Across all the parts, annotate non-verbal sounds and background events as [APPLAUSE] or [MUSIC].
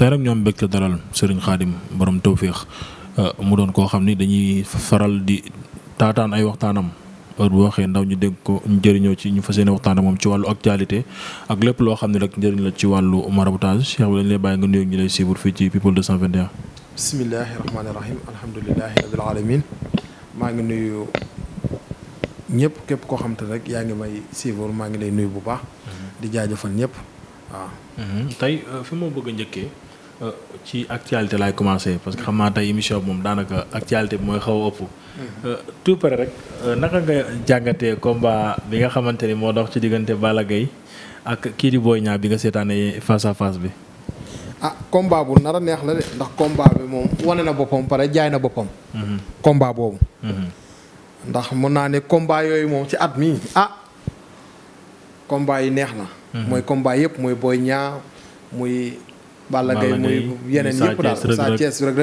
tey rek ñoom mbégte dalal Serigne Khadim borom tawféex euh, mu doon koo xam ni dañuy faral di taataan ay waxtaanam heure bu waxee ndaw ñu dégg ko ñu ci ñu fas yéene waxtaan moom ci wàllu actualité ak lépp loo xam ne rek njëriñ la ci wàllu maraboutage Cheikh bi dañ lay bàyyi nga nuyu ñu lay suivre fii ci People 221. bismillahi rahmaani rahim alhamdulillahi rabbil alamin maa ngi nuyu ñëpp képp koo xam te rek yaa ngi may suivre maa ngi lay nuyu bu baax. Mhm. di jaajëfal ñëpp waaw. Mhm. Euh, fi ma bëgg njëkkee. Euh, ci actualité laay commencé parce que xam naa tey émission moom daanaka actualité bi mooy xaw a ëpp. Euh, tout pare rek euh, naka nga jàngatee combat bi nga xamante ni moo dox ci diggante Balla Gaye ak kii di booy Niang bi nga seetaanee face à face bi. ah combat bu nar neex la de ndax combat bi moom wane na boppam pare jaay na boppam. Mhm. combat boobu. Mhm. ndax mën naa ne combat yooyu moom ci at mii ah. combat yi neex na. Mhm. mooy combat yëpp mooy Boy Niang muy. Balla Gaye muy yeneen yëpp daal Sa Thiès mhm, mhm.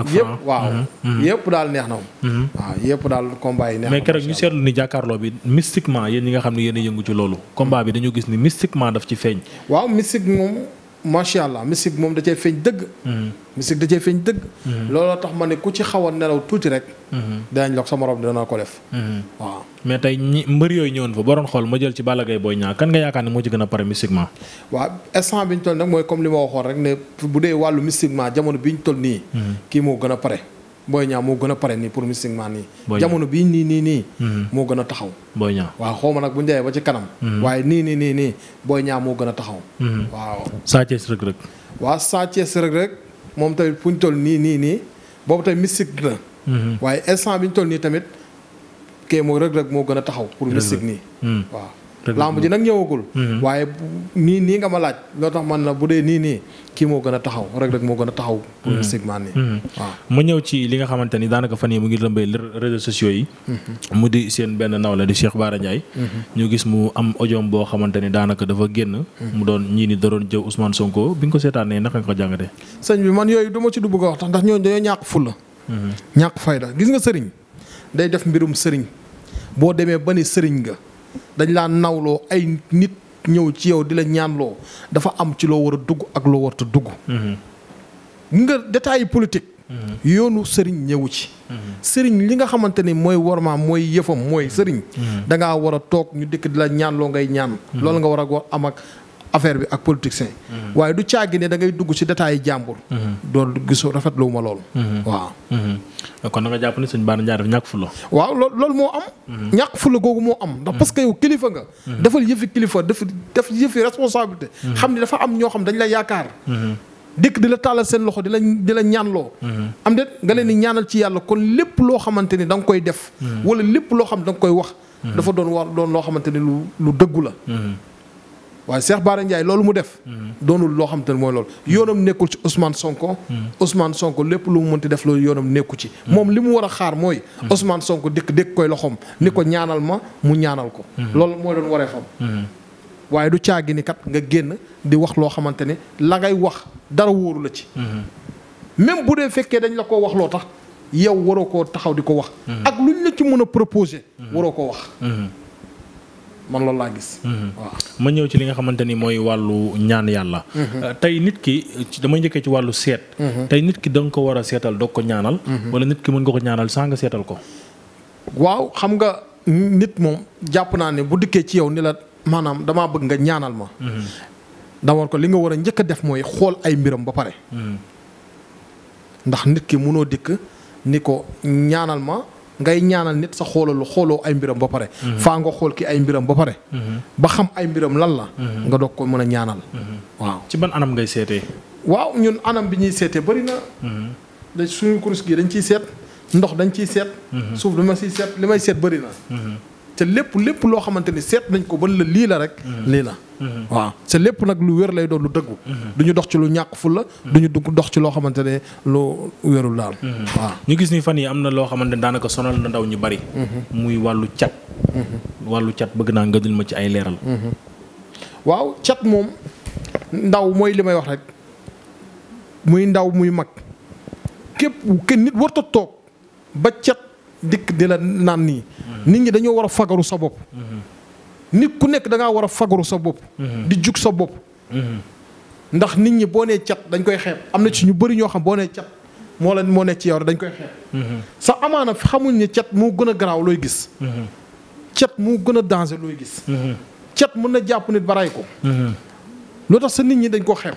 neex na moom mhm. yëpp daal combat yi neex mais keroog ñu seetlu ni jàkkaarloo bi mystiquement yéen ñi nga xam ne yéen yëngu ci loolu combat bi dañu gis ni mystiquement daf ci feeñ waaw mystique macha allah musique moom da cee feeñ dëgg. musique mm-hmm. da cee feeñ dëgg. Mm-hmm. looloo tax ma ne ku ci xaw a nelaw tuuti rek. Mm-hmm. dinañ la ko sa morom dina ko def. waaw mais tey ñi mbër yooyu ñëwoon fa ba doon xool ma jël ci Balla Gaye Boy Niang kan nga yaakaar ne moo ci gën a pare mystiquement. waaw instant bi ñu mooy comme li ma waxoon rek ne bu dee jamono bi ñu toll nii. kii moo gën a pare. Boy Niang moo gën a pare nii pour mystiquement nii. jamono bii nii nii nii. Mm-hmm. moo gën a taxaw. Boy Niang waaw xaw ma nag bu ñu demee ba ci kanam. Mm-hmm. waaye nii nii nii nii Boy Niang moo gën a taxaw. Mm-hmm. waaw. Sa Thiès Reug Reug. waaw Sa Thiès moom tamit fu ñu toll nii nii nii boobu tamit mystique la. waaye instant bi ñu toll nii tamit kee moo Reug Reug moo gën a taxaw. pour mystique nii waaw. lamb ji nag ñëwagul. Mhm. waaye nii nii nga ma laaj loo tax man na bu dee nii nii kii moo gën a taxaw rek rek moo gën a taxaw. Mhm. segment nii mhm. ma ñëw ci li nga xamante ni daanaka fan yi mu ngi lëmbee réseaux sociaux yi. mu di seen benn naw la di Cheikh Bara Ndiaye. ñoo gis mu am audio boo xamante ni daanaka dafa génn. mu doon ñii ni daroon jëw Ousmane Sonko bi nga ko seetaanee naka nga ko jàngatee. sëñ bi man yooyu duma ci du bëgg a wax tax ndax ñoo dañoo ñàkk fulla. ñàkk fayda gis nga sëriñ day def mbirum sëriñ boo demee ba ni sëriñ nga dañ laa nawloo ay nit ñëw ci yow di la ñaanloo dafa am ci loo war a dugg ak loo warta dugg mm-hmm. nga détail politique mm-hmm. yoonu sëriñ ñëwu ci mm-hmm. sëriñ li nga xamante ni mooy warmaa mooy yëfam mooy sëriñ danga war a toog ñu dikk di la ñaanloo ngay ñaan loolu nga war a am ak affaire bi ak politicien mhm. waaye du caagi ne da ngay dugg ci détails yi jàmbur. Mhm. doon gisoo rafetlu ma loolu. Mhm. waaw. kon nga jàpp ne sëñ Bara Ndiaye daf ñàkk fula. waaw lool moo am. ñàkk fula googu moo am ndax parce que yow kilifa nga. defal yëfi kilifa def def yëfi responsabilité. xam ne dafa am ñoo xam dañ lay yaakaar. dëkk di la taalal seen loxo di la ñaan loo am déet nga leen di ñaanal ci yàlla kon lépp loo xamante ni da nga koy def. wala lépp loo xam da nga koy wax. dafa doon war doon loo xamante ni lu lu dëggu la. waaye Cheikh Bara Ndiaye loolu mu def. doonul loo xam te ni mooy lool yoonam nekkul ci Ousmane Sonko. Ousmane Sonko lépp lu mu mënti def loolu yoonam nekku ci. moom li mu war a xaar mooy. Ousmane Sonko dékk dékk koy loxoom ni ko ñaanal ma mu ñaanal ko. loolu mooy doon waree xam. waaye du caagi ni kat nga génn di wax loo xamante ne la ngay wax dara wóoru la ci. même bu dee fekkee dañ la ko wax loo tax yow waroo ko taxaw di ko wax. ak luñ la ci mën a proposé. waroo ko wax. man loolu laa gis. Mhm. waaw ma ñëw ci li nga xamante ni mooy wàllu ñaan yàlla. Mhm. Euh, tey nit ki damay njëkkee ci wàllu seet. Mhm. tey nit ki da ko war a seetal doog ko ñaanal. wala nit ki mën nga ko ñaanal saa nga seetal ko. waaw xam nga nit moom jàpp naa ne bu dikkee ci yow ni la maanaam damaa bëgg nga ñaanal ma. d'abord ko li nga war a njëkk a def mooy xool ay mbiram ba pare. ndax nit ki mënoo dikk ni ko ñaanal ma. ngay ñaanal nit sa xoolalu xooloo ay mbiram ba pare. Mhm. faa nga xool ki ay mbiram ba pare. Mhm. ba xam ay mbiram lan la. Mhm. nga doog ko mën a ñaanal. waaw ci ban anam ngay seetee. waaw ñun anam bi ñuy seetee bëri na. da suñu kurus gi dañ ciy seet ndox dañ ciy seet. suuf li ma ciy seet li may seet bëri na. te lépp lépp loo xamante ni seet nañ ko ba la lii la rek mhm. lii la mhm. waaw te lépp nag lu wér lay doon lu dëggu mhm. du ñu dox ci lu ñàkk fu la du ñu dugg dox ci loo xamante ne lu wérul daal waaw ñu gis ni fan yi am na loo xamante ni daanaka sonal na ndaw ñu bari muy wàllu cat wàllu cat bëgg naa nga dul ma ci ay leeral waaw cat moom ndaw mooy li may wax rek muy ndaw muy mag képp kenn nit warta toog ba cat dikk di la naan nii. nit ñi dañoo war a fagaru sa bopp. nit ku nekk dangaa war a fagaru sa bopp. di jug sa bopp. ndax nit ñi boo nee cat dañ koy xeeb am na ci ñu bëri ñoo xam boo nee cat moo la moo nekk ci yow dañ koy sa amaana xamuñ ne cat moo gën a garaaw looy gis. cat moo gën a danger looy gis. cat mën na jàpp nit ba rey ko. loo tax sa nit ñi dañ ko xeeb.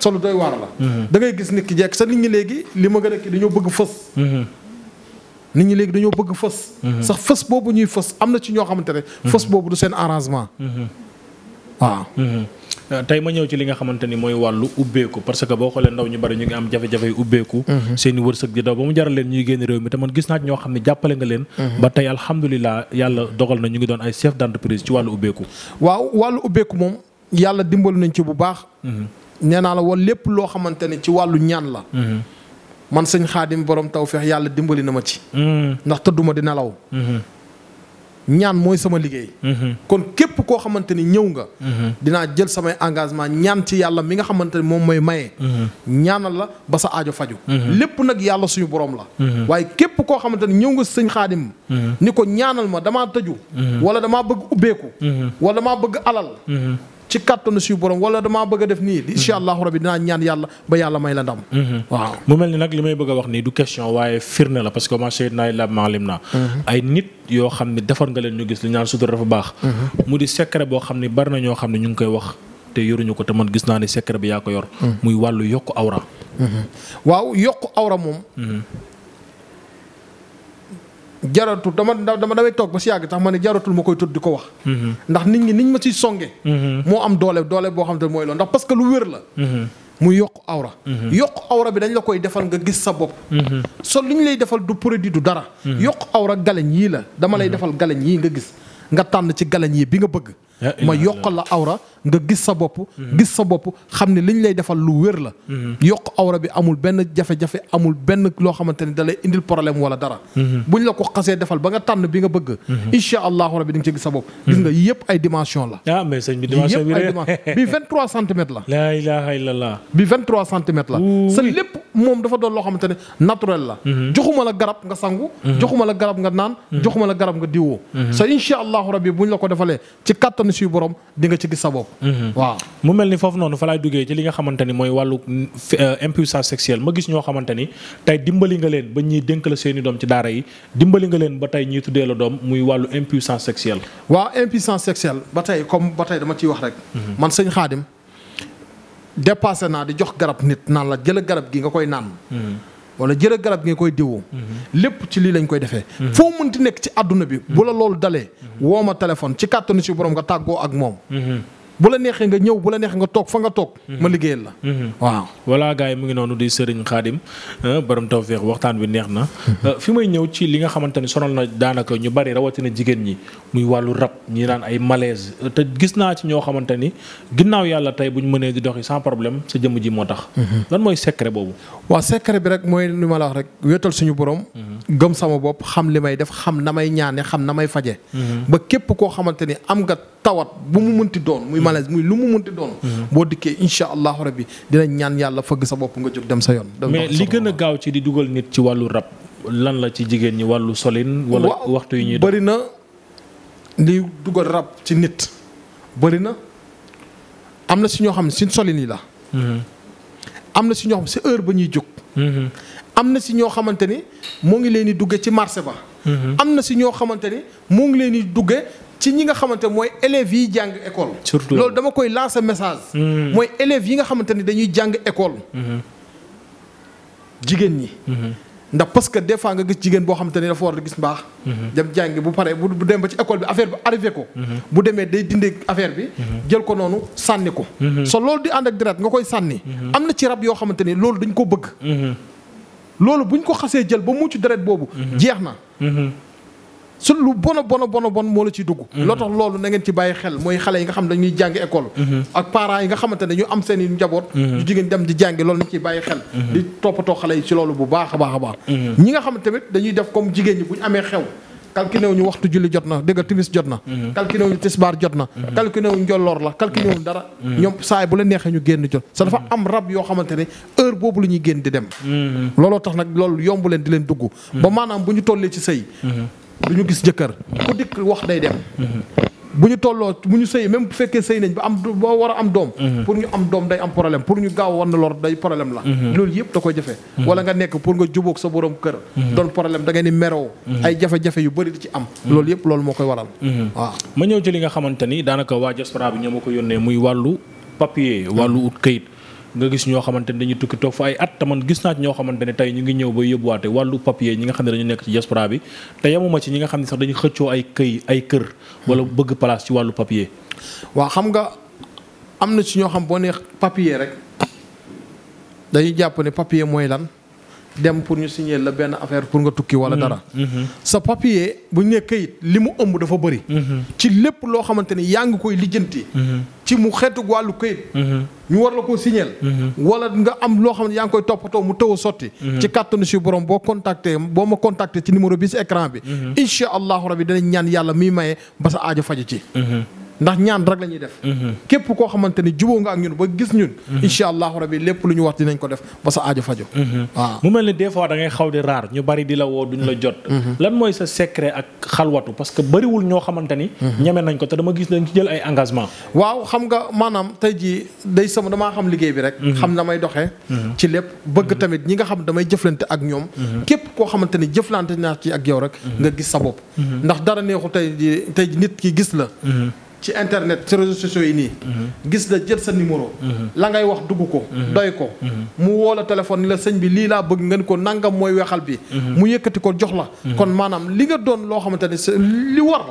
solo doy waar la. Mm-hmm. da ngay gis nit ki jekk sa nit ñi léegi li ma gën a kii dañoo bëgg fës. nit ñi léegi dañoo bëgg fës. Mhm. sax fës boobu ñuy fës am na ci ñoo xamante ne. Mhm. fës boobu du seen arrangement. Mhm. waaw. tey ma ñëw ci li nga xamante ni mooy wàllu ubbeeku parce que boo xoolee ndaw ñu bari ñu ngi am jafe-jafe yu ubbeeku. seen i wërsëg di daw ba mu jaral leen ñu génn réew mi te man gis naa ñoo xam ne jàppale nga leen. ba tey alhamdulilah yàlla dogal na ñu ngi doon ay chef d'entreprise ci wàllu ubbeeku. waaw wàllu ubbeeku moom yàlla dimbali nañ ci bu baax. nee naa la wala lépp loo xamante ne ci wàllu ñaan la. man sëñ xaadim borom tawféex yàlla dimbali na ma ci. Mm. ndax tëdduma di nelaw. Mm-hmm. ñaan mooy sama liggéey. Mm-hmm. kon képp koo xamante ni ñëw nga. Mm-hmm. dinaa jël samay engagement ñaan ci yàlla mi nga xamante ni moom mooy maye. ñaanal la ba sa ajo faju lépp nag yàlla suñu borom la. waaye képp koo xamante ni ñëw nga sëñ xaadim. ni ko ñaanal ma dama tëju. wala damaa bëgg ubbeeku. wala damaa bëgg alal. ci kàttanu suñu borom wala damaa bëgg a def nii mhm. incha allahu rabi dinaa ñaan yàlla ba yàlla may la ndam mhm. waaw mu mel ni nag li may bëgg a wax nii du question waaye firnde la parce que ma shahidnaa illaa bimaa alimnaa mhm. ay nit yoo xam ne defar nga leen ñu gis li ñaan sutura dafa baax mu di secret boo xam ne bari na ñoo xam ne ñu ngi koy wax te yoruñu ko te man gis naa ne secret bi yaa ko yor muy wàllu yokk awra waaw yokk awra moom jaratul dama dama damay toog ba si yàgg tax ma ne jaratul ma koy tudd di ko wax. ndax nit ñi niñ ma siy songe. moo am doole doole boo xam te mooy loolu ndax parce que lu wér la. mu yokk awra. yokk awra bi dañ la koy defal nga gis sa bopp. so li ñu lay defal du produit du dara. yokk awra galañ yii la dama lay defal galañ yii nga gis nga tànn ci galañ yii bi nga bëgg. ma yokkal la awra nga gis sa bopp mhm. gis sa bopp xam ne liñ lay defal lu wér la mhm. yokk awra bi amul benn jafe-jafe amul benn loo xamante ne da lay indil problème wala dara mhm. buñ la ko xasee defal ba nga tànn bi nga bëgg incha allahu rabi di nga ci gis sa bopp gis nga yëpp ay dimension la ah mais sëñ bi dimension bi 23 la [LAUGHS] la ilaha illallah bi 23 centimètres la sa lépp moom dafa doon loo xamante ne naturel la mhm. joxuma la garab nga sangu mhm. joxuma la garab nga naan mhm. joxuma la garab nga diwoo sa insha allahu rabbi bu ñu la ko defalee ci kàttan suy borom di nga ci gis sa bopp waaw mu mel ni foofu noonu fa laay duggee ci li nga xamante ni mooy wàllu euh, impuissance sexuelle ma gis ñoo xamante ni tey dimbali nga leen ba ñuy dénk la seeni doom ci daara yi dimbali nga leen ba tey ñuy tuddee la doom muy wàllu impuissance sexuelle waaw impuissance ba tey comme ba tey dama ciy wax rek dépassé naa di jox garab nit naan la jëla garab gi nga koy naan. wala jëla garab gi nga koy diwoo. lépp ci lii lañ koy defee. foo mënti nekk ci àdduna bi. bu la loolu dalee. woo ma téléphone ci kàttanu si borom nga tàggoo ak moom. bu la neexee nga ñëw bu la neexee nga toog fa nga toog. Mhm. ma liggéeyal la. Mhm. waaw voilà gars yi mu ngi noonu di Serigne Khadim borom tawféex waxtaan bi neex na. Mhm. Euh, fi may ñëw ci li nga xamante ne sonal na daanaka ñu bari rawatina jigéen ñi muy wàllu rab ñu naan ay malaise euh, te gis naa ci ñoo xamante ni ginnaaw yàlla tey bu ñu mënee di doxi sans problème sa jëmm ji moo tax. lan mooy secret boobu. waaw secret bi rek mooy li ma la wax rek wéetal suñu borom. gëm sama bopp xam li may def xam na may ñaane xam na may faje ba képp koo xamante ni am nga tawat bu mu mënti doon malaise muy lu mu munti doon boo dikkee incha allahu rabbi dina ñaan yàlla fëgg sa bopp nga jóg dem sa yoon mais li gën a gaaw ci di dugal nit ci wàllu rab lan la ci jigéen ñi wàllu solin wala waxtu yi ñuy bëri na li dugal rab ci nit bëri na am na si ñoo xam si solin yi la mhm. na si ñoo ba ñuy jóg mhm. am na si ñoo xamante ni moo ngi leen di dugge ci marché ba mhm. am na si ñoo xamante ni moo ngi leen di dugge ci ñi nga xamante mooy élève yi jàng école. surtout loolu dama koy lancer message. Hmm. mooy élève yi nga xamante ni dañuy jàng école. Hmm. jigéen ñi. Hmm. ndax parce que des fois nga gis jigéen boo xamante ni dafa war a gis mbaax. dem jàngi bu pare bu dem ba ci école bi affaire bi arrivé ko. bu demee day dindee affaire bi. jël ko noonu sànni ko. so loolu di ànd ak deret nga koy sànni. am na ci rab yoo xamante ni loolu dañ ko bëgg. loolu buñ ko xasee jël ba mucc deret boobu. jeex na. su lu bon bon bon bon moo la ciy dugg. Mhm. loo tax loolu na ngeen ci bàyyi xel mooy xale yi nga xam dañuy jàng école. Mhm. ak parents yi nga xamante ne ñu am seen i njaboot. Mhm. ñu jigéen dem di jàngi loolu nañ ciy bàyyi xel. di toppatoo xale yi ci loolu bu baax a baax a baax. ñi nga xam tamit dañuy def comme jigéen ñi bu ñu amee xew. calculé wu ñu waxtu julli jot na dégg nga timis jot na. calculé wu ñu tisbaar jot na. calculé wu ñu njolloor la calculé wu ñu dara. ñoom saay bu la neexee ñu génn jot. sa dafa am rab yoo xamante ne heure boobu la ñuy génn di dem. looloo tax nag loolu yomb leen di leen dugg. ba maanaam bu ñu tollee ci sëy du ñu gis jëkkër ku dikk wax day dem bu ñu tolloo bu ñu sëy même bu fekkee sëy nañ ba am boo war a am doom pour ñu am doom day am problème pour ñu gaaw war na lor day problème la loolu yëpp da koy jafe wala nga nekk pour nga jubóog sa borom kër doon problème da ngeen di meroo ay jafe-jafe yu bëri di ci am loolu yëpp loolu moo koy waral waaw ma ñëw ci li nga xamante ni daanaka waa diaspora bi ñoo ma ko yónnee muy wàllu papier wàllu ut kayit nga gis ñoo xamante ne dañuy tukki toog fa ay at te man gis naa ñoo xamante ne tey ñu ngi ñëw ba yóbbuwaate wàllu papier ñi nga xam ne dañu nekk ci diaspora bi te yemuma ci ñi nga xam ne sax dañu xëccoo ay këy ay kër wala hmm. bëgg place ci wàllu papier. waaw xam nga am na ci ñoo xam boo nee papier rek dañuy jàpp ne papier mooy lan dem pour ñu signer la benn affaire pour nga tukki wala mm-hmm. dara. Mm-hmm. sa papier bu ñu nee kayit li mu ëmb dafa bëri. Mm-hmm. ci lépp loo xamante ni yaa ngi koy lijjanti. ci mu xeetu wàllu kayit. ñu war la ko signer. wala nga am loo xam ne yaa ngi koy toppatoo mu tëw a sotti. ci kàttanu si borom boo contacter boo ma contacter ci numéro bi si bi. incha allahu rabi danañ ñaan yàlla mi maye ba sa aajo faju ci. ndax ñaan rek la ñuy def mm-hmm. képp koo xamante ni juboo nga ak ñun ba gis ñun mm-hmm. incha allahu rabi lépp lu ñu wax dinañ ko def ba sa aajo fajo mm-hmm. waaw mu mel ni des fois xaw di raar ñu bari di la woo duñ la jot lan mooy sa secret ak xalwatu parce que bariwul ñoo xamante ni ñeme nañ ko te dama gis dañ ci jël ay engagement waaw xam nga maanaam tey jii day sama damaa xam liggéey bi rek xam na may doxee ci lépp bëgg tamit ñi nga xam damay jëflante ak ñoom képp koo xamante ni jëflante naa ci ak yow rek nga gis sa bopp ndax dara neexu tey ji ki gis la ci internet ci réseaux sociaux yi nii. Mhm. gis la jël sa numéro. Mhm. la ngay wax dugg ko. Mhm. doy ko. mu woola la téléphone ni la sëñ bi lii laa bëgg nga ni ko nangam mooy weexal bi. mu yëkkati ko jox la. kon maanaam li nga doon loo xamante ne li war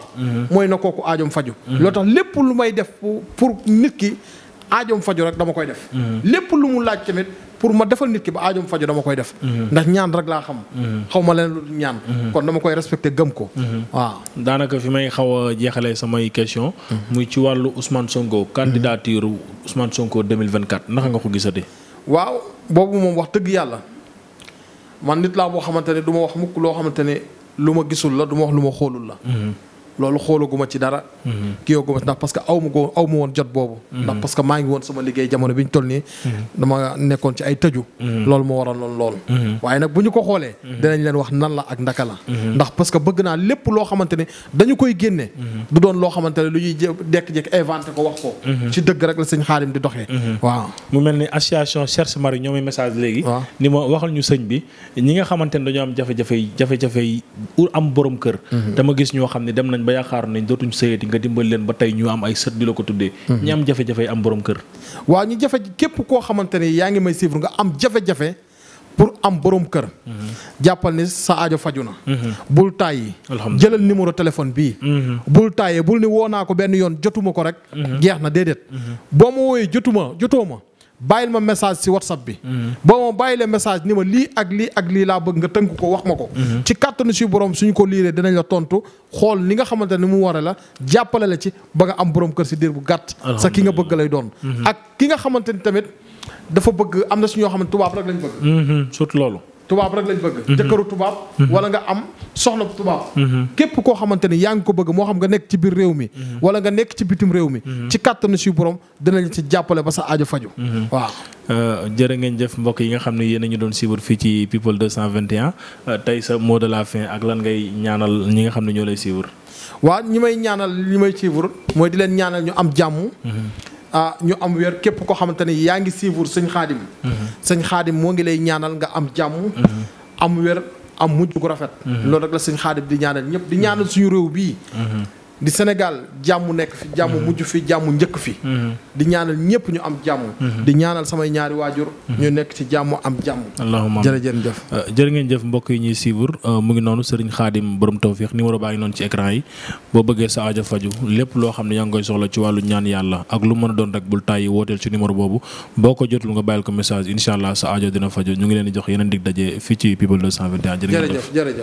mooy na kooku aajoom faju loo tax lépp lu may def pour nit ki aajoom faju rek dama koy def. lépp lu mu laaj tamit. pour ma defal nit ki ba aajom faju dama koy def mhm. ndax ñaan rek laa xam mhm. xaw ma leen lu ñaan mhm. kon dama koy respecté gëm ko waaw daanaka fi may xaw a jeexalee samay question muy ci wàllu usman Sonko candidature Ousmane Sonko 2024 naka nga ko de waaw boobu moom wax dëgg yàlla man nit laa boo xamante ne du ma wax mukk loo xamante ne lu ma gisul la du ma wax lu ma xoolul la loolu xoolaguma ci dara mhm. kiiwaguma ci ndax parce que aw ma ko aw ma woon jot boobu mhm. ndax parce que maa ngi woon sama liggéey jamono bi ñu toll nii mhm. dama nekkoon ci ay tëju loolu moo waral loolu waaye nag bu ñu ko xoolee dinañ leen wax nan la ak ndaka la ndax parce bëgg naa lépp loo xamante dañu koy génne du doon loo xamante lu ñuy dekk-jekk inventé ko wax ko ci dëgg rek la sëñ xaalim di doxee waaw mu mel ni association Cherche Marie ñoomay message léegi ni ma waxal ñu sëñ leen ba yaakaar nañ dootuñ sëyati nga dimbali leen ba tey ñu am ay sët di la ko tuddee mhm. ñi am jafe-jafe am borom kër waaw ñu jafe képp koo xamante ne yaa ngi may suivre nga am jafe-jafe pour am boroom kër mhm. jàppal ni sa ajo faju na mhm. bul tàyyi jëlal numéro téléphone bii bul tàyyee bul ni woo naa ko benn yoon jotuma ko rek jeex na déedéet boo ma wooyee jotuma jotoo ma bàyyil ma message si whatsapp bi boo ma bàyyilee message ni ma lii ak lii ak lii laa bëgg nga tënk ko wax ma ko mhm. ci kàttanu si borom suñu ko liiree dinañ la tontu xool li nga xamante ne mu wara la jàppale la ci ba nga am borom kër si diir bu gàtt sa ki nga bëgg lay doon mhm. ak ki nga xamante ni tamit dafa bëgg am na si ñoo xamante tubaab rek lañ bëgg mhm. surtout tubaab rek lañ bëgg. Mhm. jëkkëru tubaab. Mhm. wala nga am soxna tubaab. Mhm. képp koo xamante ni yaa ngi ko bëgg moo xam nga nekk ci biir réew mi. wala nga nekk ci bitim réew mi. ci kàttanu si borom dinañ ci jàppale ba sa aajo faju waaw. Euh, jërë ngeen jëf mbokk yi nga xam ne yéen a ñu doon suivre fii ci people 221 euh, tey sa mot de la fin ak lan ngay ñaanal ñi nga xam ne ñoo lay suivre. waaw ñi may ñaanal ñi may suivre mooy di leen ñaanal ñu am jàmm. ah ñu am weer képp koo xamante ni yaa ngi suivre sëñ xaadim sëñ xaadim moo ngi lay ñaanal nga am jàmm am wér am mujj ku rafet mm-hmm. loolu rek la sëñ xaadim di ñaanal ñëpp di ñaanal suñu réew bii mm-hmm. di Sénégal jàmm nekk fi jàmm mm-hmm. mujj fi jàmm njëkk fi. Mm-hmm. di ñaanal ñëpp ñu am jàmm. Mm-hmm. di ñaanal samay ñaari waajur. ñu nekk ci jàmm am jàmm. allahumma jërëjëf jëf. Euh, jërë ngeen jëf mbokk yi ñuy suivre euh, mu ngi noonu Serigne Khadim borom tawfiix numéro baa noonu ci écran yi boo bëggee sa aajo faju lépp loo xam ne yaa ngi koy soxla ci wàllu ñaan yàlla ak lu mën a doon rek bul tàyyi wooteel ci numéro boobu boo ko jotul nga bàyyil ko message incha allah sa aajo dina faju ñu ngi leen di